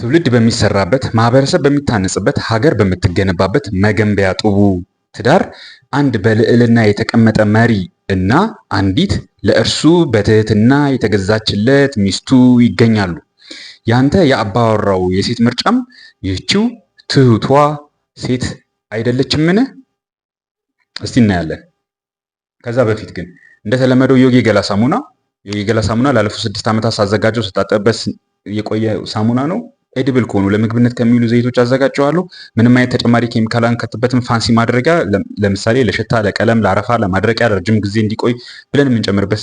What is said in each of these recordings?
ትውልድ በሚሰራበት ማህበረሰብ በሚታነጽበት ሀገር በምትገነባበት መገንቢያ ጡቡ። ትዳር አንድ በልዕልና የተቀመጠ መሪ እና አንዲት ለእርሱ በትህትና የተገዛችለት ሚስቱ ይገኛሉ። ያንተ የአባወራው የሴት ምርጫም ይህችው ትሁቷ ሴት አይደለችምን? እስቲ እናያለን። ከዛ በፊት ግን እንደተለመደው ዮጊ ገላ ሳሙና ዮጊ ገላ ሳሙና ላለፉት ስድስት ዓመታት ሳዘጋጀው ስታጠበስ የቆየ ሳሙና ነው። ኤድብል ከሆኑ ለምግብነት ከሚውሉ ዘይቶች አዘጋጀዋለሁ። ምንም አይነት ተጨማሪ ኬሚካል አንከትበትም። ፋንሲ ማድረጊያ ለምሳሌ ለሽታ፣ ለቀለም፣ ለአረፋ፣ ለማድረቂያ ረጅም ጊዜ እንዲቆይ ብለን የምንጨምርበት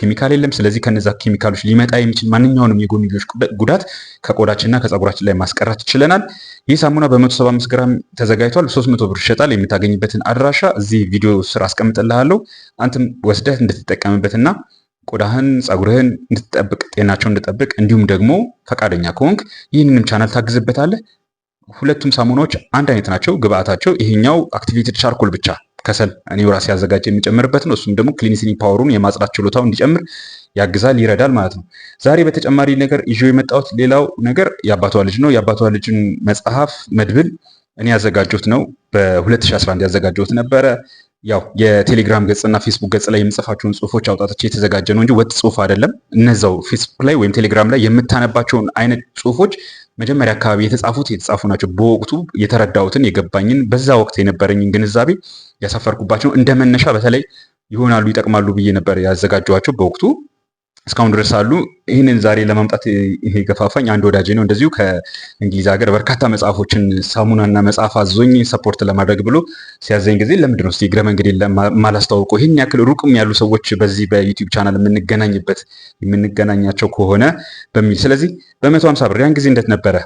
ኬሚካል የለም። ስለዚህ ከነዛ ኬሚካሎች ሊመጣ የሚችል ማንኛውንም የጎንዮሽ ጉዳት ከቆዳችንና ከፀጉራችን ላይ ማስቀረት ችለናል። ይህ ሳሙና በ175 ግራም ተዘጋጅቷል። 300 ብር ይሸጣል። የምታገኝበትን አድራሻ እዚህ ቪዲዮ ስር አስቀምጥልሃለሁ። አንተም ወስደህ እንድትጠቀምበትና ቆዳህን፣ ጸጉርህን እንድትጠብቅ ጤናቸው እንድጠብቅ እንዲሁም ደግሞ ፈቃደኛ ከሆንክ ይህንንም ቻናል ታግዝበታለህ። ሁለቱም ሳሙናዎች አንድ አይነት ናቸው ግብአታቸው። ይሄኛው አክቲቬትድ ቻርኮል ብቻ ከሰል እኔው ራሴ ያዘጋጀ የሚጨምርበት ነው። እሱም ደግሞ ክሊኒሲኒ ፓወሩን የማጽዳት ችሎታው እንዲጨምር ያግዛል፣ ይረዳል ማለት ነው። ዛሬ በተጨማሪ ነገር ይዤ የመጣሁት ሌላው ነገር የአባቷ ልጅ ነው። የአባቷ ልጅን መጽሐፍ መድብል እኔ ያዘጋጀሁት ነው። በ2011 ያዘጋጀሁት ነበረ። ያው የቴሌግራም ገጽና ፌስቡክ ገጽ ላይ የምጽፋቸውን ጽሁፎች አውጣቶች የተዘጋጀ ነው እንጂ ወጥ ጽሁፍ አይደለም። እነዛው ፌስቡክ ላይ ወይም ቴሌግራም ላይ የምታነባቸውን አይነት ጽሁፎች መጀመሪያ አካባቢ የተጻፉት የተጻፉ ናቸው። በወቅቱ የተረዳሁትን የገባኝን፣ በዛ ወቅት የነበረኝን ግንዛቤ ያሳፈርኩባቸው እንደ መነሻ በተለይ ይሆናሉ ይጠቅማሉ ብዬ ነበር ያዘጋጀኋቸው በወቅቱ እስካሁን ድረስ አሉ። ይህንን ዛሬ ለማምጣት የገፋፋኝ አንድ ወዳጅ ነው እንደዚሁ ከእንግሊዝ ሀገር በርካታ መጽሐፎችን ሳሙናና መጽሐፍ አዞኝ ሰፖርት ለማድረግ ብሎ ሲያዘኝ ጊዜ ለምንድን ነው እስኪ እግረ መንገዴ ማላስተዋውቀው? ይህን ያክል ሩቅም ያሉ ሰዎች በዚህ በዩቲዩብ ቻናል የምንገናኝበት የምንገናኛቸው ከሆነ በሚል ስለዚህ በመቶ ሀምሳ ብር ያን ጊዜ እንደት ነበረ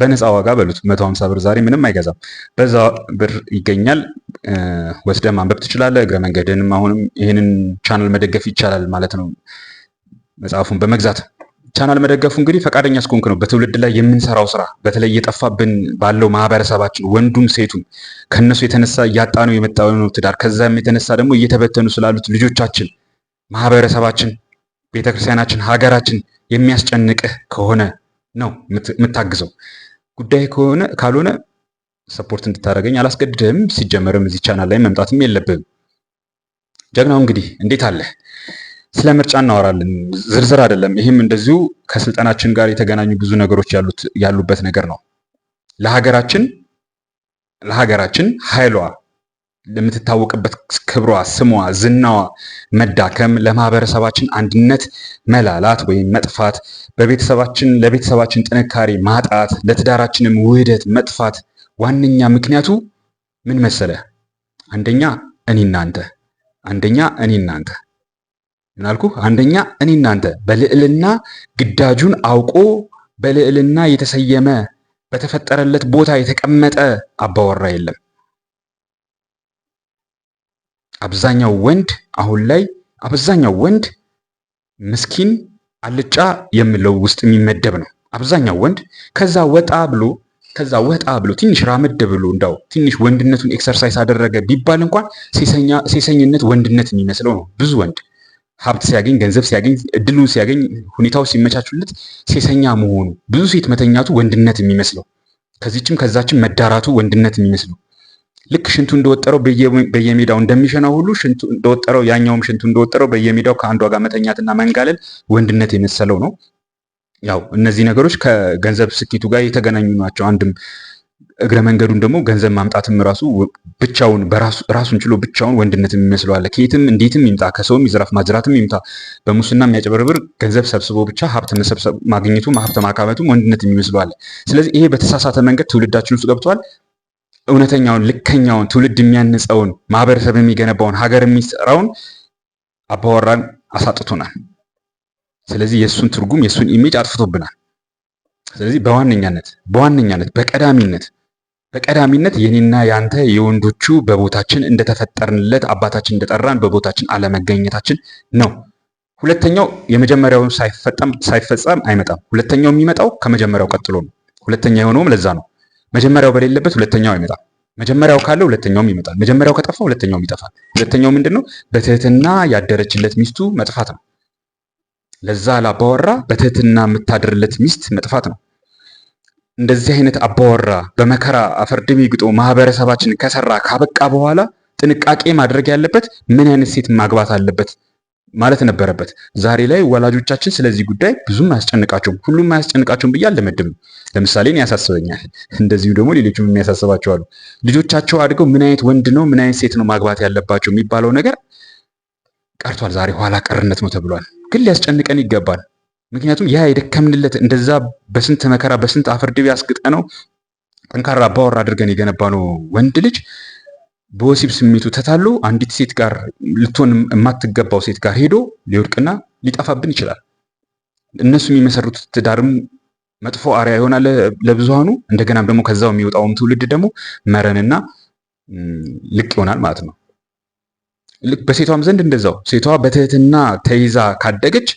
በነፃ ዋጋ በሉት መቶ ሀምሳ ብር ዛሬ ምንም አይገዛም። በዛ ብር ይገኛል። ወስደ ማንበብ ትችላለህ። እግረ መንገድንም አሁንም ይህንን ቻናል መደገፍ ይቻላል ማለት ነው። መጽሐፉን በመግዛት ቻናል መደገፉ እንግዲህ ፈቃደኛ እስኮንክ ነው። በትውልድ ላይ የምንሰራው ስራ በተለይ እየጠፋብን ባለው ማህበረሰባችን ወንዱም ሴቱም ከእነሱ የተነሳ እያጣነው ነው ትዳር፣ ከዛም የተነሳ ደግሞ እየተበተኑ ስላሉት ልጆቻችን፣ ማህበረሰባችን፣ ቤተክርስቲያናችን፣ ሀገራችን የሚያስጨንቅህ ከሆነ ነው የምታግዘው ጉዳይ ከሆነ ካልሆነ ሰፖርት እንድታደርገኝ አላስገድድህም። ሲጀመርም እዚህ ቻናል ላይ መምጣትም የለብህም። ጀግናው እንግዲህ እንዴት አለህ? ስለ ምርጫ እናወራለን። ዝርዝር አይደለም። ይህም እንደዚሁ ከስልጠናችን ጋር የተገናኙ ብዙ ነገሮች ያሉበት ነገር ነው። ለሀገራችን ለሀገራችን ኃይሏ ለምትታወቅበት ክብሯ፣ ስሟ፣ ዝናዋ መዳከም፣ ለማህበረሰባችን አንድነት መላላት ወይም መጥፋት፣ በቤተሰባችን ለቤተሰባችን ጥንካሬ ማጣት፣ ለትዳራችንም ውህደት መጥፋት ዋነኛ ምክንያቱ ምን መሰለ? አንደኛ እኔ እናንተ አንደኛ እኔ እናንተ እናልኩ አንደኛ እኔ እናንተ በልዕልና ግዳጁን አውቆ በልዕልና የተሰየመ በተፈጠረለት ቦታ የተቀመጠ አባወራ የለም። አብዛኛው ወንድ አሁን ላይ አብዛኛው ወንድ ምስኪን አልጫ የምለው ውስጥ የሚመደብ ነው። አብዛኛው ወንድ ከዛ ወጣ ብሎ ከዛ ወጣ ብሎ ትንሽ ራመድ ብሎ እንዳው ትንሽ ወንድነቱን ኤክሰርሳይዝ አደረገ ቢባል እንኳን ሴሰኝነት ወንድነት የሚመስለው ነው ብዙ ወንድ ሀብት ሲያገኝ ገንዘብ ሲያገኝ እድሉ ሲያገኝ ሁኔታው ሲመቻቹለት ሴሰኛ መሆኑ ብዙ ሴት መተኛቱ ወንድነት የሚመስለው ከዚችም ከዛችም መዳራቱ ወንድነት የሚመስለው ልክ ሽንቱ እንደወጠረው በየሜዳው እንደሚሸናው ሁሉ ሽንቱ እንደወጠረው ያኛውም ሽንቱ እንደወጠረው በየሜዳው ከአንዷ ጋር መተኛትና መንጋለል ወንድነት የመሰለው ነው። ያው እነዚህ ነገሮች ከገንዘብ ስኬቱ ጋር የተገናኙ ናቸው። አንድም እግረ መንገዱን ደግሞ ገንዘብ ማምጣትም ራሱ ብቻውን ራሱን ችሎ ብቻውን ወንድነት የሚመስለው አለ። ከየትም እንዴትም ይምጣ ከሰውም ይዝራፍ ማዝራትም ይምጣ በሙስና የሚያጭበርብር ገንዘብ ሰብስቦ ብቻ ሀብት መሰብሰብ ማግኘቱም ሀብት ማካበቱም ወንድነት የሚመስለው አለ። ስለዚህ ይሄ በተሳሳተ መንገድ ትውልዳችን ውስጥ ገብቷል። እውነተኛውን ልከኛውን ትውልድ የሚያንጸውን ማህበረሰብ የሚገነባውን ሀገር የሚሰራውን አባወራን አሳጥቶናል። ስለዚህ የእሱን ትርጉም የእሱን ኢሜጅ አጥፍቶብናል። ስለዚህ በዋነኛነት በዋነኛነት በቀዳሚነት በቀዳሚነት የኔና ያንተ የወንዶቹ በቦታችን እንደተፈጠርንለት አባታችን እንደጠራን በቦታችን አለመገኘታችን ነው። ሁለተኛው የመጀመሪያው ሳይፈጸም አይመጣም። ሁለተኛው የሚመጣው ከመጀመሪያው ቀጥሎ ነው። ሁለተኛ የሆነውም ለዛ ነው። መጀመሪያው በሌለበት ሁለተኛው አይመጣም። መጀመሪያው ካለ ሁለተኛውም ይመጣል። መጀመሪያው ከጠፋ ሁለተኛውም ይጠፋል። ሁለተኛው ምንድን ነው? በትህትና ያደረችለት ሚስቱ መጥፋት ነው። ለዛ ላባወራ በትህትና የምታድርለት ሚስት መጥፋት ነው። እንደዚህ አይነት አባወራ በመከራ አፈር ድሜ ማህበረሰባችን ከሰራ ካበቃ በኋላ ጥንቃቄ ማድረግ ያለበት ምን አይነት ሴት ማግባት አለበት ማለት ነበረበት። ዛሬ ላይ ወላጆቻችን ስለዚህ ጉዳይ ብዙም አያስጨንቃቸውም። ሁሉም አያስጨንቃቸውም ብዬ አልደመድብም። ለምሳሌ እኔ ያሳስበኛል፣ እንደዚሁ ደግሞ ሌሎችም የሚያሳስባቸው አሉ። ልጆቻቸው አድገው ምን አይነት ወንድ ነው ምን አይነት ሴት ነው ማግባት ያለባቸው የሚባለው ነገር ቀርቷል። ዛሬ ኋላ ቀርነት ነው ተብሏል። ግን ሊያስጨንቀን ይገባል። ምክንያቱም ያ የደከምንለት እንደዛ በስንት መከራ በስንት አፈር ድቤ አስግጠ ነው ጠንካራ አባወራ አድርገን የገነባ ነው ወንድ ልጅ በወሲብ ስሜቱ ተታሎ አንዲት ሴት ጋር ልትሆን የማትገባው ሴት ጋር ሄዶ ሊወድቅና ሊጠፋብን ይችላል። እነሱ የሚመሰርቱት ትዳርም መጥፎ አሪያ ይሆናል ለብዙሃኑ። እንደገናም ደግሞ ከዛው የሚወጣውም ትውልድ ደግሞ መረንና ልቅ ይሆናል ማለት ነው። ልክ በሴቷም ዘንድ እንደዛው ሴቷ በትህትና ተይዛ ካደገች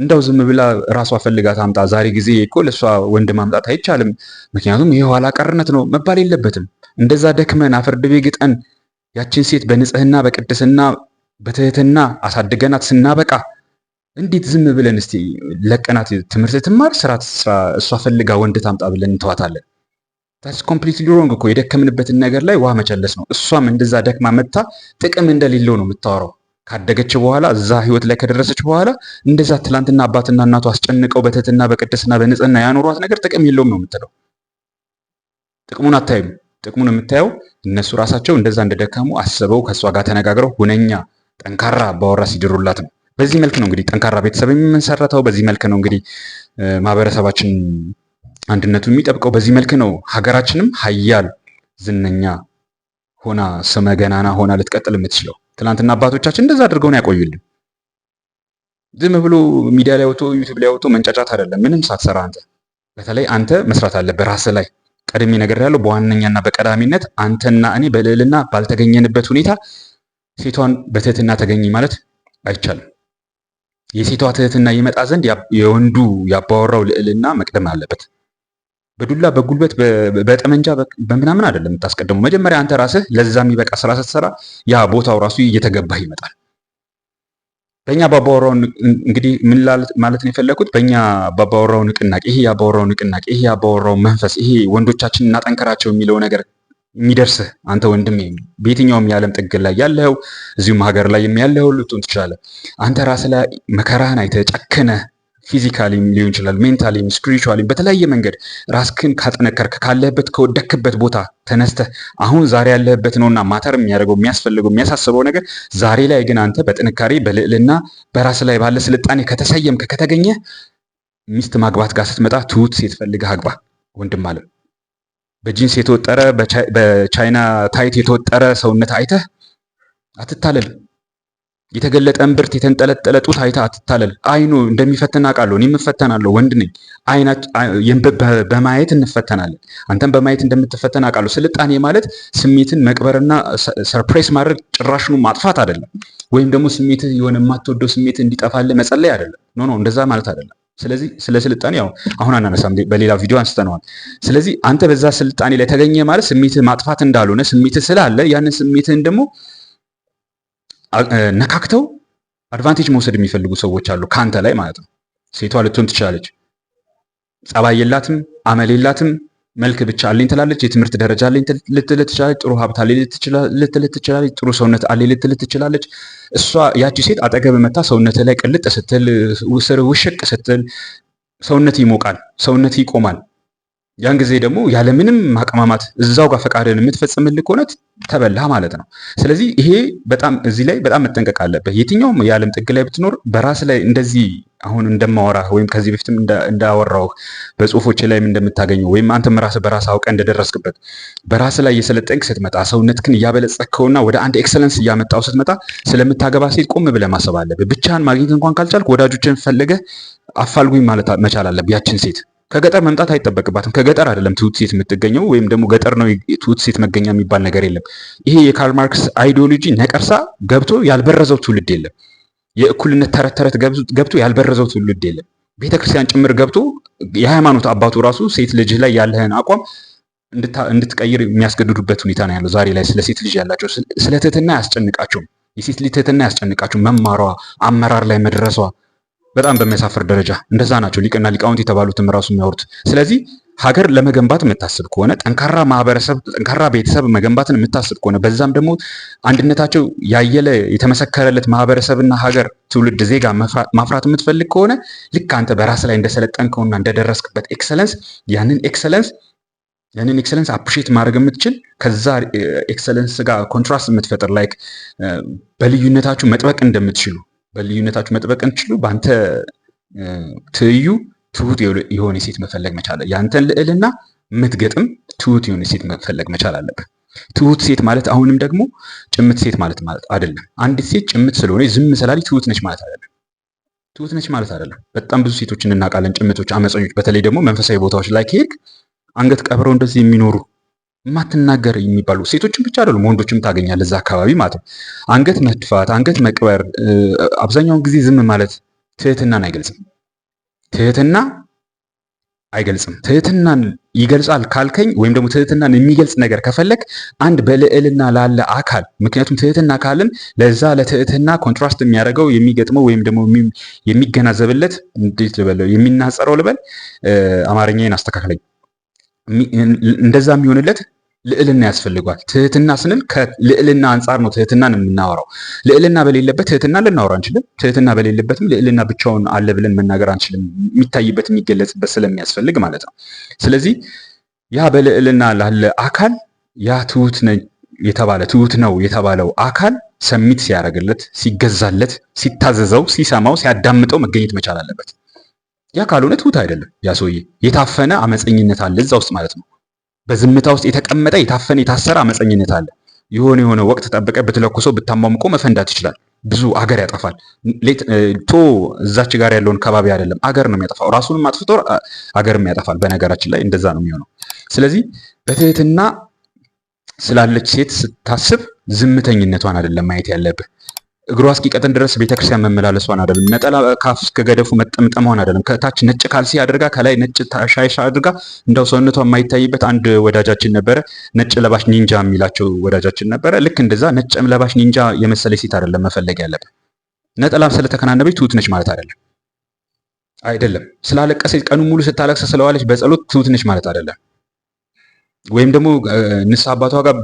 እንደው ዝም ብላ ራሷ ፈልጋ ታምጣ ዛሬ ጊዜ እኮ ለእሷ ወንድ ማምጣት አይቻልም። ምክንያቱም ይህ ኋላ ቀርነት ነው መባል የለበትም። እንደዛ ደክመን አፈርድቤ ግጠን ያችን ሴት በንጽህና በቅድስና በትህትና አሳድገናት ስናበቃ እንዴት ዝም ብለን እስቲ ለቀናት ትምህርት ትማር ስራ ትስራ እሷ ፈልጋ ወንድ ታምጣ ብለን እንተዋታለን? ታስ ኮምፕሊትሊ ሮንግ እኮ የደከምንበትን ነገር ላይ ውሃ መቸለስ ነው። እሷም እንደዛ ደክማ መጥታ ጥቅም እንደሌለው ነው የምታወራው። ካደገች በኋላ እዛ ህይወት ላይ ከደረሰች በኋላ እንደዛ ትላንትና አባትና እናቱ አስጨንቀው በትህትና በቅድስና በንጽህና ያኖሯት ነገር ጥቅም የለውም ነው የምትለው። ጥቅሙን አታይም። ጥቅሙን የምታየው እነሱ ራሳቸው እንደዛ እንደደከሙ አስበው ከእሷ ጋር ተነጋግረው ሁነኛ ጠንካራ አባወራ ሲድሩላት ነው። በዚህ መልክ ነው እንግዲህ ጠንካራ ቤተሰብ የሚመሰረተው በዚህ መልክ ነው እንግዲህ ማህበረሰባችን አንድነቱ የሚጠብቀው። በዚህ መልክ ነው ሀገራችንም ሀያል ዝነኛ ሆና ስመ ገናና ሆና ልትቀጥል የምትችለው። ትናንትና አባቶቻችን እንደዛ አድርገው ነው ያቆዩልን። ዝም ብሎ ሚዲያ ላይ ወጥቶ ዩቲዩብ ላይ ወጥቶ መንጫጫት አይደለም። ምንም ሳትሰራ አንተ በተለይ አንተ መስራት አለብህ ራስ ላይ ቀድሜ ነገር ያለው በዋነኛና በቀዳሚነት አንተና እኔ በልዕልና ባልተገኘንበት ሁኔታ ሴቷን በትህትና ተገኝ ማለት አይቻልም። የሴቷ ትህትና ይመጣ ዘንድ የወንዱ ያባወራው ልዕልና መቅደም አለበት። በዱላ በጉልበት በጠመንጃ በምናምን አይደለም የምታስቀድመው። መጀመሪያ አንተ ራስህ ለዛ የሚበቃ ስራ ስትሰራ ያ ቦታው ራሱ እየተገባህ ይመጣል። በእኛ በአባወራው እንግዲህ ምን ማለት ነው የፈለግኩት በእኛ ባባወራው ንቅናቄ ይሄ የአባወራው ንቅናቄ ይሄ የአባወራው መንፈስ ይሄ ወንዶቻችን እናጠንከራቸው የሚለው ነገር የሚደርስህ አንተ ወንድም በየትኛውም የዓለም ጥግ ላይ ያለው እዚሁም ሀገር ላይ የሚያለው ልትሆን ትችላለህ። አንተ ራስህ ላይ መከራህን አይተህ ጨክነህ ፊዚካሊም ሊሆን ይችላል፣ ሜንታሊም ስፒሪቹዋሊም፣ በተለያየ መንገድ ራስክን ካጠነከርክ ካለህበት ከወደክበት ቦታ ተነስተህ አሁን ዛሬ ያለህበት ነውና ማተር የሚያደርገው የሚያስፈልገው የሚያሳስበው ነገር ዛሬ ላይ ግን አንተ በጥንካሬ በልዕልና በራስ ላይ ባለ ስልጣኔ ከተሰየምክ ከተገኘ ሚስት ማግባት ጋር ስትመጣ ትሁት ሴት ፈልገህ አግባ ወንድም አለም። በጂንስ የተወጠረ በቻይና ታይት የተወጠረ ሰውነት አይተህ አትታለልም። የተገለጠ እምብርት፣ የተንጠለጠለ ጡት አይታ አትታለል። አይኑ እንደሚፈተን አውቃለሁ። እኔም እፈተናለሁ፣ ወንድ ነኝ። በማየት እንፈተናለን። አንተም በማየት እንደምትፈተን አውቃለሁ። ስልጣኔ ማለት ስሜትን መቅበርና ሰርፕሬስ ማድረግ ጭራሽኑ ማጥፋት አይደለም። ወይም ደግሞ ስሜት የሆነ የማትወደው ስሜት እንዲጠፋልህ መጸለይ አይደለም። ኖ ኖ፣ እንደዛ ማለት አይደለም። ስለዚህ ስለ ስልጣኔ ያው አሁን አናነሳም፣ በሌላ ቪዲዮ አንስተነዋል። ስለዚህ አንተ በዛ ስልጣኔ ላይ ተገኘ ማለት ስሜት ማጥፋት እንዳልሆነ ስሜት ስላለ ያንን ስሜትህን ደግሞ ነካክተው አድቫንቴጅ መውሰድ የሚፈልጉ ሰዎች አሉ፣ ከአንተ ላይ ማለት ነው። ሴቷ ልትሆን ትችላለች፣ ጸባይ የላትም፣ አመል የላትም፣ መልክ ብቻ አለኝ ትላለች፣ የትምህርት ደረጃ አለኝ ልትል ትችላለች፣ ጥሩ ሀብት አለኝ ልትል ትችላለች፣ ጥሩ ሰውነት አለኝ ልትል ትችላለች። እሷ ያቺ ሴት አጠገብ መታ ሰውነት ላይ ቅልጥ ስትል፣ ስር ውሽቅ ስትል ሰውነት ይሞቃል፣ ሰውነት ይቆማል። ያን ጊዜ ደግሞ ያለምንም ማቀማማት እዛው ጋር ፈቃድን የምትፈጽምልህ ከሆነ ተበላህ ማለት ነው። ስለዚህ ይሄ በጣም እዚህ ላይ በጣም መጠንቀቅ አለበት የትኛውም የዓለም ጥግ ላይ ብትኖር በራስ ላይ እንደዚህ አሁን እንደማወራ ወይም ከዚህ በፊትም እንዳወራው በጽሁፎች ላይም እንደምታገኘው ወይም አንተም ራስ በራስ አውቀ እንደደረስክበት በራስ ላይ የሰለጠንክ ስትመጣ ሰውነትህን እያበለጸግከውና ወደ አንድ ኤክሰለንስ እያመጣው ስትመጣ ስለምታገባ ሴት ቆም ብለህ ማሰብ አለብህ። ብቻህን ማግኘት እንኳን ካልቻልክ ወዳጆችን ፈለገ አፋልጉኝ ማለት መቻል አለብህ ያችን ሴት ከገጠር መምጣት አይጠበቅባትም። ከገጠር አይደለም ሴት የምትገኘው ወይም ደግሞ ገጠር ነው ሴት መገኛ የሚባል ነገር የለም። ይሄ የካርል ማርክስ አይዲዮሎጂ ነቀርሳ ገብቶ ያልበረዘው ትውልድ የለም። የእኩልነት ተረት ተረት ገብቶ ያልበረዘው ትውልድ የለም። ቤተክርስቲያን ጭምር ገብቶ የሃይማኖት አባቱ ራሱ ሴት ልጅ ላይ ያለህን አቋም እንድትቀይር የሚያስገድዱበት ሁኔታ ነው ያለው ዛሬ ላይ። ስለ ሴት ልጅ ያላቸው ስለ ትህትና አያስጨንቃቸውም። የሴት ልጅ ትህትና አያስጨንቃቸውም። መማሯ፣ አመራር ላይ መድረሷ በጣም በሚያሳፍር ደረጃ እንደዛ ናቸው ሊቅና ሊቃውንት የተባሉትም ራሱ የሚያወሩት። ስለዚህ ሀገር ለመገንባት የምታስብ ከሆነ ጠንካራ ማህበረሰብ፣ ጠንካራ ቤተሰብ መገንባትን የምታስብ ከሆነ በዛም ደግሞ አንድነታቸው ያየለ የተመሰከረለት ማህበረሰብና ሀገር ትውልድ ዜጋ ማፍራት የምትፈልግ ከሆነ ልክ አንተ በራስ ላይ እንደሰለጠንከውና እንደደረስክበት ኤክሰለንስ ያንን ኤክሰለንስ ያንን ኤክሰለንስ አፕሪሼት ማድረግ የምትችል ከዛ ኤክሰለንስ ጋር ኮንትራስት የምትፈጥር ላይክ በልዩነታችሁ መጥበቅ እንደምትችሉ በልዩነታችሁ መጥበቅ እንችሉ በአንተ ትይዩ ትሁት የሆነ ሴት መፈለግ መቻል ያንተን ልዕልና የምትገጥም ትሁት የሆነ ሴት መፈለግ መቻል አለብህ። ትሁት ሴት ማለት አሁንም ደግሞ ጭምት ሴት ማለት ማለት አይደለም። አንዲት ሴት ጭምት ስለሆነ ዝም ስላለች ትሁት ነች ማለት አይደለም። ትሁት ነች ማለት አይደለም። በጣም ብዙ ሴቶችን እናውቃለን፣ ጭምቶች፣ አመፀኞች። በተለይ ደግሞ መንፈሳዊ ቦታዎች ላይ ከሄድክ አንገት ቀብረው እንደዚህ የሚኖሩ የማትናገር የሚባሉ ሴቶችን ብቻ አይደሉም ወንዶችም ታገኛለህ እዛ አካባቢ ማለት ነው። አንገት መድፋት፣ አንገት መቅበር፣ አብዛኛውን ጊዜ ዝም ማለት ትህትናን አይገልጽም። ትህትና አይገልጽም። ትህትናን ይገልጻል ካልከኝ ወይም ደግሞ ትህትናን የሚገልጽ ነገር ከፈለግ አንድ በልዕልና ላለ አካል ምክንያቱም ትህትና ካልን ለዛ ለትህትና ኮንትራስት የሚያደርገው የሚገጥመው ወይም ደግሞ የሚገናዘብለት እንዴት ልበለው የሚናጸረው ልበል አማርኛዬን አስተካክለኝ እንደዛ የሚሆንለት ልዕልና ያስፈልጓል። ትህትና ስንል ከልዕልና አንጻር ነው ትህትናን የምናወራው። ልዕልና በሌለበት ትህትና ልናወራ አንችልም። ትህትና በሌለበትም ልዕልና ብቻውን አለ ብለን መናገር አንችልም። የሚታይበት የሚገለጽበት ስለሚያስፈልግ ማለት ነው። ስለዚህ ያ በልዕልና ላለ አካል ያ ትሁት የተባለ ትሁት ነው የተባለው አካል ሰሚት ሲያደርግለት፣ ሲገዛለት፣ ሲታዘዘው፣ ሲሰማው፣ ሲያዳምጠው መገኘት መቻል አለበት። ያ ካልሆነ ትሁት አይደለም። ያ ሰውዬ የታፈነ አመፀኝነት አለ እዛ ውስጥ ማለት ነው። በዝምታ ውስጥ የተቀመጠ የታፈነ የታሰረ አመፀኝነት አለ። የሆነ የሆነ ወቅት ጠብቀ ብትለኩሶ ብታሟምቆ መፈንዳት ይችላል። ብዙ አገር ያጠፋል። ቶ እዛች ጋር ያለውን ከባቢ አይደለም አገር ነው የሚያጠፋው። ራሱንም አጥፍቶ አገርም ያጠፋል። በነገራችን ላይ እንደዛ ነው የሚሆነው። ስለዚህ በትህትና ስላለች ሴት ስታስብ ዝምተኝነቷን አይደለም ማየት ያለብህ። እግሯ እስኪቀጥን ድረስ ቤተክርስቲያን መመላለሷን አይደለም፣ ነጠላ ካፍ እስከ ገደፉ መጠምጠሟን አይደለም፣ ከታች ነጭ ካልሲ አድርጋ ከላይ ነጭ ሻይሽ አድርጋ እንደው ሰውነቷ የማይታይበት አንድ ወዳጃችን ነበረ፣ ነጭ ለባሽ ኒንጃ የሚላቸው ወዳጃችን ነበረ። ልክ እንደዛ ነጭ ለባሽ ኒንጃ የመሰለ ሴት አይደለም መፈለግ ያለብን። ነጠላም ስለተከናነበች ትሁት ነች ማለት አይደለም አይደለም። ስላለቀሰች ቀኑ ሙሉ ስታለቅሰ ስለዋለች በጸሎት ትሁት ነች ማለት አይደለም። ወይም ደግሞ ንስሐ አባቷ ጋር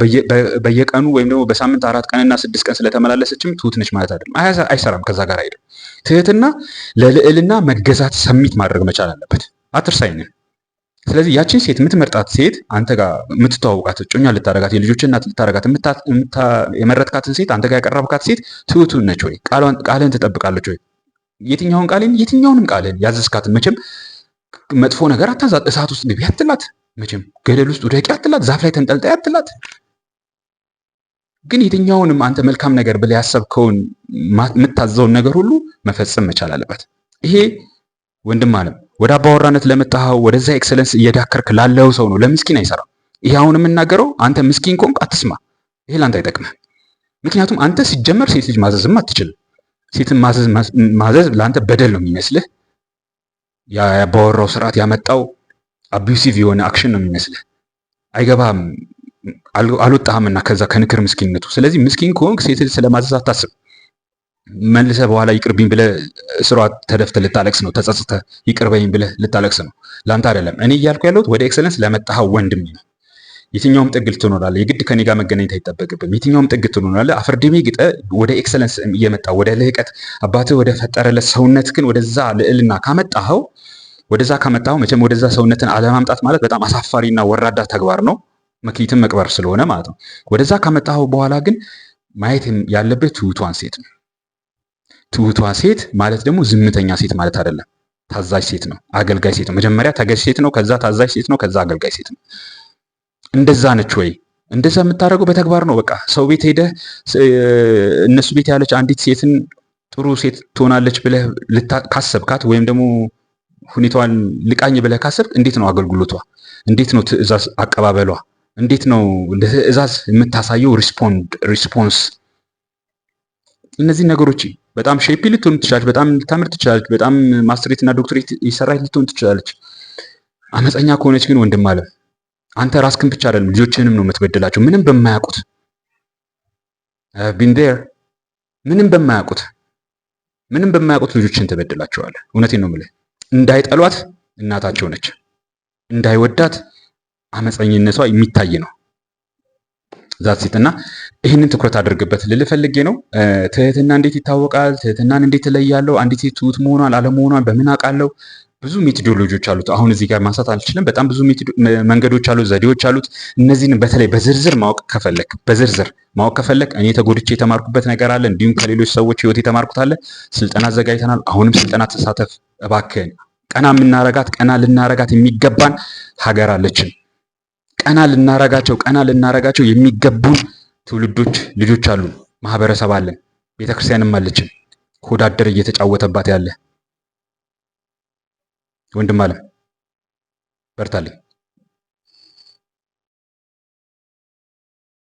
በየቀኑ ወይም ደግሞ በሳምንት አራት ቀንና ስድስት ቀን ስለተመላለሰችም ትሁት ነች ማለት አይደለም። አይሰራም፣ ከዛ ጋር አይደለም። ትህትና ለልዕልና መገዛት ሰሚት ማድረግ መቻል አለበት። አትርሳይንን። ስለዚህ ያችን ሴት የምትመርጣት ሴት አንተ ጋር የምትተዋውቃት እጮኛ ልታረጋት የልጆች እናት ልታረጋት የመረጥካትን ሴት አንተ ጋር ያቀረብካት ሴት ትሁት ነች ወይ? ቃልህን ትጠብቃለች ወይ? የትኛውን ቃልን የትኛውንም ቃልን ያዘዝካትን መቼም መጥፎ ነገር እሳት ውስጥ ግቢ አትላት። መቼም ገደል ውስጥ ውደቂ አትላት፣ ዛፍ ላይ ተንጠልጣይ አትላት። ግን የትኛውንም አንተ መልካም ነገር ብለህ ያሰብከውን የምታዘውን ነገር ሁሉ መፈጸም መቻል አለበት። ይሄ ወንድም አለም ወደ አባወራነት ለመጣኸው ወደዛ ኤክሰለንስ እየዳከርክ ላለው ሰው ነው፣ ለምስኪን አይሰራም። ይሄ አሁን የምናገረው አንተ ምስኪን ኮንክ አትስማ። ይሄ ለአንተ አይጠቅምህ። ምክንያቱም አንተ ሲጀመር ሴት ልጅ ማዘዝም አትችልም። ሴትን ማዘዝ ለአንተ በደል ነው የሚመስልህ። ያባወራው ስርዓት ያመጣው አቢውሲቭ የሆነ አክሽን ነው የሚመስልህ። አይገባም፣ አልወጣህም እና ከዛ ከንክር ምስኪንነቱ። ስለዚህ ምስኪን ከሆንክ ሴት ስለማዘዝ አታስብ። መልሰ በኋላ ይቅርብኝ ብለ ስሯ ተደፍተ ልታለቅስ ነው። ተጸጽተ ይቅርበኝ ብለ ልታለቅስ ነው። ለአንተ አይደለም። እኔ እያልኩ ያለሁት ወደ ኤክሰለንስ ለመጣህ ወንድም ነው። የትኛውም ጥግ ትኖራለህ። የግድ ከኔ ጋር መገናኘት አይጠበቅብም። የትኛውም ጥግ ትኖራለህ። አፍርድሜ ግጠ ወደ ኤክሰለንስ እየመጣ ወደ ልህቀት አባትህ ወደ ፈጠረለት ሰውነት ግን ወደዛ ልዕልና ካመጣኸው ወደዛ ከመጣሁ መቼም ወደዛ ሰውነትን አለማምጣት ማለት በጣም አሳፋሪና ወራዳ ተግባር ነው፣ መክሊትን መቅበር ስለሆነ ማለት ነው። ወደዛ ከመጣሁ በኋላ ግን ማየት ያለበት ትሁቷን ሴት ነው። ትሁቷ ሴት ማለት ደግሞ ዝምተኛ ሴት ማለት አይደለም። ታዛዥ ሴት ነው፣ አገልጋይ ሴት ነው። መጀመሪያ ተገዥ ሴት ነው፣ ከዛ ታዛዥ ሴት ነው፣ ከዛ አገልጋይ ሴት ነው። እንደዛ ነች ወይ? እንደዛ የምታደርገው በተግባር ነው። በቃ ሰው ቤት ሄደህ እነሱ ቤት ያለች አንዲት ሴትን ጥሩ ሴት ትሆናለች ብለህ ካሰብካት ወይም ደግሞ ሁኔታዋን ልቃኝ ብለህ ካሰብክ እንዴት ነው አገልግሎቷ? እንዴት ነው ትዕዛዝ አቀባበሏ? እንዴት ነው ለትዕዛዝ የምታሳየው ሪስፖንስ? እነዚህ ነገሮች በጣም ሼፒ ልትሆን ትችላለች፣ በጣም ልታምር ትችላለች፣ በጣም ማስትሬት እና ዶክትሬት የሰራች ልትሆን ትችላለች። አመፀኛ ከሆነች ግን ወንድም አለ አንተ ራስክን ብቻ አይደለም ልጆችህንም ነው የምትበድላቸው፣ ምንም በማያውቁት ቢንዴር ምንም በማያውቁት ምንም በማያውቁት ልጆችን ትበድላቸዋለህ። እውነቴን ነው የምልህ። እንዳይጠሏት እናታቸው ነች። እንዳይወዳት አመፀኝነቷ የሚታይ ነው። ዛት ሴት እና ይህንን ትኩረት አድርግበት ልልፈልጌ ነው። ትህትና እንዴት ይታወቃል? ትህትናን እንዴት እለያለሁ? አንዲት ሴት ትሁት መሆኗን አለመሆኗን በምን አውቃለሁ? ብዙ ሜቶዶሎጂዎች አሉት። አሁን እዚህ ጋር ማንሳት አልችልም። በጣም ብዙ መንገዶች አሉት፣ ዘዴዎች አሉት። እነዚህን በተለይ በዝርዝር ማወቅ ከፈለክ በዝርዝር ማወቅ ከፈለክ እኔ ተጎድቼ የተማርኩበት ነገር አለ፣ እንዲሁም ከሌሎች ሰዎች ህይወት የተማርኩት አለ። ስልጠና አዘጋጅተናል። አሁንም ስልጠና ተሳተፍ እባክህን ቀና የምናረጋት ቀና ልናረጋት የሚገባን ሀገር አለችን። ቀና ልናረጋቸው ቀና ልናረጋቸው የሚገቡን ትውልዶች ልጆች አሉ። ማህበረሰብ አለን። ቤተክርስቲያንም አለችን። ከወዳደር እየተጫወተባት ያለ ወንድም አለም በርታለኝ።